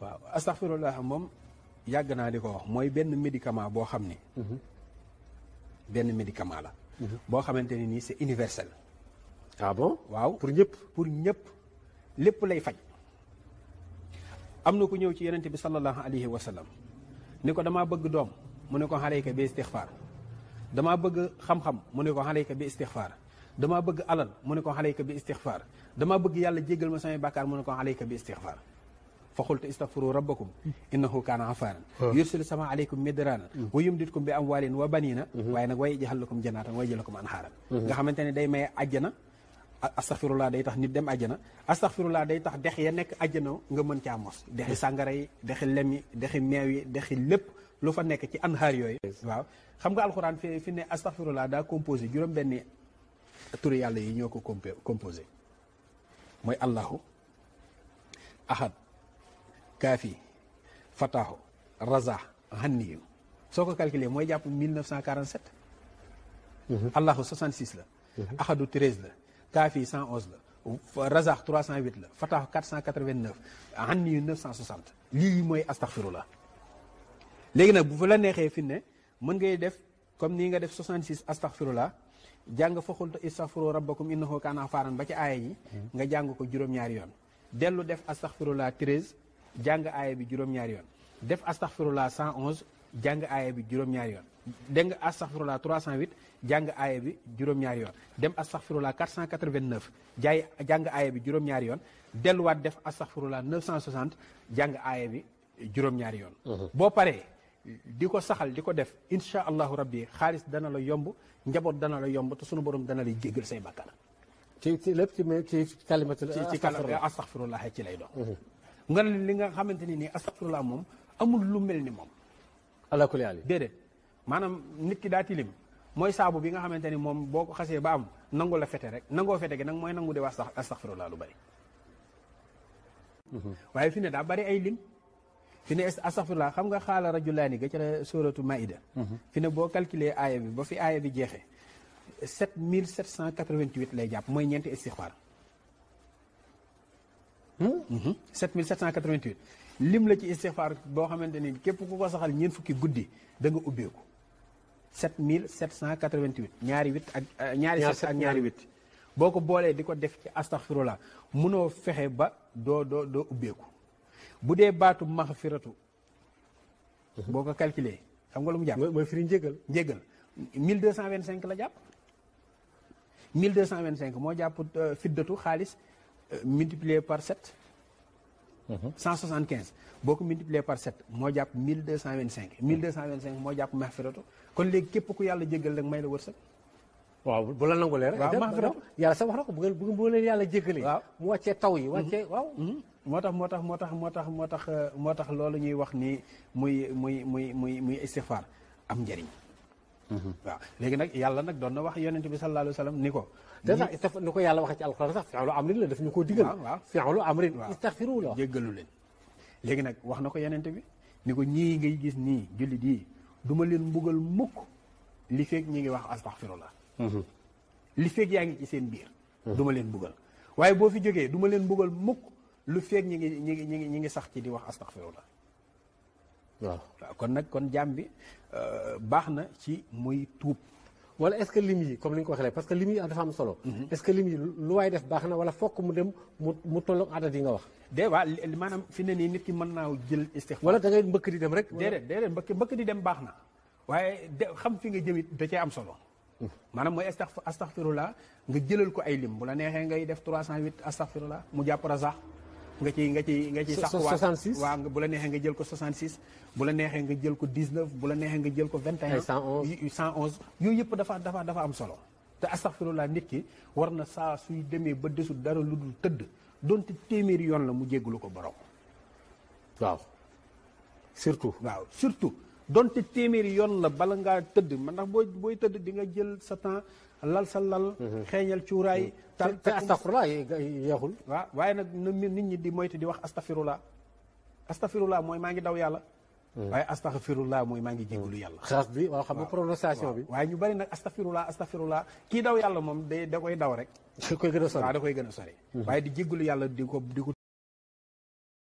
waaw astaxfirullah moom yàgg naa di ko wax mooy benn médicament boo xam ni. Mhm. benn médicament la. Mhm. boo xamante ne nii c'est universel. ah bon waaw pour ñëpp. pour ñëpp lépp lay faj. am na ku ñëw ci yonent bi sallallahu alayhi wa sallam ni ko damaa bëgg doom mu ne ko xaleyka bi istixfaar damaa bëgg xam-xam mu ne ko xaleyka bi istixfaar damaa bëgg alal mu ne ko xaleyka bi istixfaar damaa bëgg yàlla jéggal ma samay bàkkaar mu ne ko xaleyka bi istixfaar fa xultu istagfiru rabbakum innahu kaana afaaran yursilu sama aleykum midraaran wa yumditkum bi amwaalin wa baniina waaye nag way jaxal lakum janaatan way jalakum anhaaran nga xamante ne day maye àjjana astaxfirullaa day tax nit dem àjjana astaxfirullaa day tax dex ya nekk àjjana nga mën ca mos dexi mm. sàngara yi dexi lem yi dexi meew yi dexi lépp lu fa nekk ci anhaar yooyu waaw xam nga alxuraan fi fi ne astaxfirullaa daa composé juróom benni turi yàlla yi ñoo ko composé mooy allahu ahad كافي فتاحو رزا هني سوكو كالكلي موي جاب 1947 الله 66 لا احد 13 لا كافي 111 لا رزا 308 لا فتاحو 489 هني 960 لي موي استغفر الله لغينا بو فلا نخي في ني من غي ديف كوم ني غا ديف 66 استغفر الله جانغ فخولتو استغفر ربكم انه كان غفارا با تي اي ني غا جانغ كو جوروم نياار يون ديلو ديف استغفر الله 13 jàng aaya bi juróom-ñaari yoon def astaghfirullah 111 jàng aaya bi juróom-ñaari yoon dégg nga astaghfirullah 308 jàng aaya bi juróom-ñaari yoon dem astaghfirullah 489 jaay jàng aaya bi juróom-ñaari yoon delluwaat def astaghfirullah 960 jàng aaya bi juróom-ñaari yoon uh-huh. boo paree di ko saxal di ko def insha allahu rabbi xaalis dana la yomb njaboot dana la yomb te sunu borom dana lay jéggal say bàkkaar ci ci lépp ci ci kalimatul astaghfirullah ci lay doon uh-huh. nga ne li nga xamanteni ni astagfirullah mom amul lu melni mom ala kulli ali dede manam nit ki da tilim moy sabu bi nga xamanteni mom boko xasse ba am nangu la fete rek nangoo fete gi nak moy nangu de wax astagfirullah lu bari. Mhm. waye fi ne da bari ay lim fi ne astagfirullah xam nga khala rajulani ga ci la maida mhm. fi ne bo calculer aya bi ba fi aya bi 7788 lay japp moy ñent istighfar 7788 mhm. lim la ci istighfar boo xamante ni ku ko saxal ñeen fukki da nga ubbeeku 7788 ñaari 8 euh, ñaari 7 ak ñaari 8 boo ko boolee def ci astaghfirullah munoo fexe ba doo doo doo ubbeeku bu dee baatu maxfiratu mhm. calculer xam nga lu mu firi 1225 la jàpp 1225 moo jàpp euh, fiddatu multiplié par 7. 175 beaucoup multiplié par 7 moi japp 1225 1225 mo japp un kon leg kep ko yalla djegal rek may la waaw bu la nangou le sa wax bu bu taw yi wacce mhm. waaw. Mhm. motax motax motax motax motax wax ni muy muy muy muy am Mm-hmm. waaw léegi nag yàlla nag doon na wax yonent bi sallallahu alayhi wa ni ko te sax ni ko yàlla waxee ci alxuraan sax fi'lu amrin la daf ñu koo digal waaw fi'lu amrin istaghfiru la jéggalu leen léegi nag wax na ko yonent bi ni ko ñii ngay gis nii jullit yi duma leen mbugal mukk li feeg ñi ngi wax astaghfirullah mm-hmm. li feeg yaa ngi ci seen biir mm-hmm. duma leen mbugal waaye boo fi jógee duma leen mbugal mukk lu feek ñi ngi ñi ngi ñi ngi sax ci di wax la waaw kon nag kon jaam bi euh, baax na ci muy tuub. wala est-ce que lim yi comme ni nga ko waxee parce que lim yi dafa am solo. Mhm. est-ce que lim yi lu waay def baax na wala fokk mu dem mu mu tolloog adat yi nga wax. de waa maanaam fi ne nii nit ki mën naa jël istixfaar. wala da ngay di dem rek. déedéet déedéet mbëkk mbëkk di dem na waaye de xam fi nga jëm it da cee am solo. Mm. maanaam mooy astaxfirullah nga jëlal ko ay lim bu neexee ngay def 308 astaxfirullah mu jàpp razaax nga ci nga ci nga ci sax waa bu la neexee nga jël ko 66 bu la neexee nga jël ko bu la neexee nga jël ko 21 111 yooyu yëpp dafa dafa dafa am solo te laa nit ki war na saa suy demee ba desul dara lu dul tëdd donte téeméeri yoon la mu jéggulu ko borom waaw surtout waaw surtout donte téeméeri yoon la bala ngaa tëdd man ndax booy booy tëdd di nga jël sa temps lal sa lal. Mhm. xeeñal cuuraay. Mhm. tal te astafurla yeexul. waaw waaye nag nit ñi di moytu di wax astafirulaa astafirulaa mooy maa ngi daw yàlla. Mhm. waaye astafirulaa mooy maa ngi jégalu yàlla. xaas bi waaw xam nga prononciation bi. waaye ñu bari nag astafirulaa astafirulaa kii daw yàlla moom day da koy daw rek. koy gën a sori waaye di jégalu yàlla di ko di ko.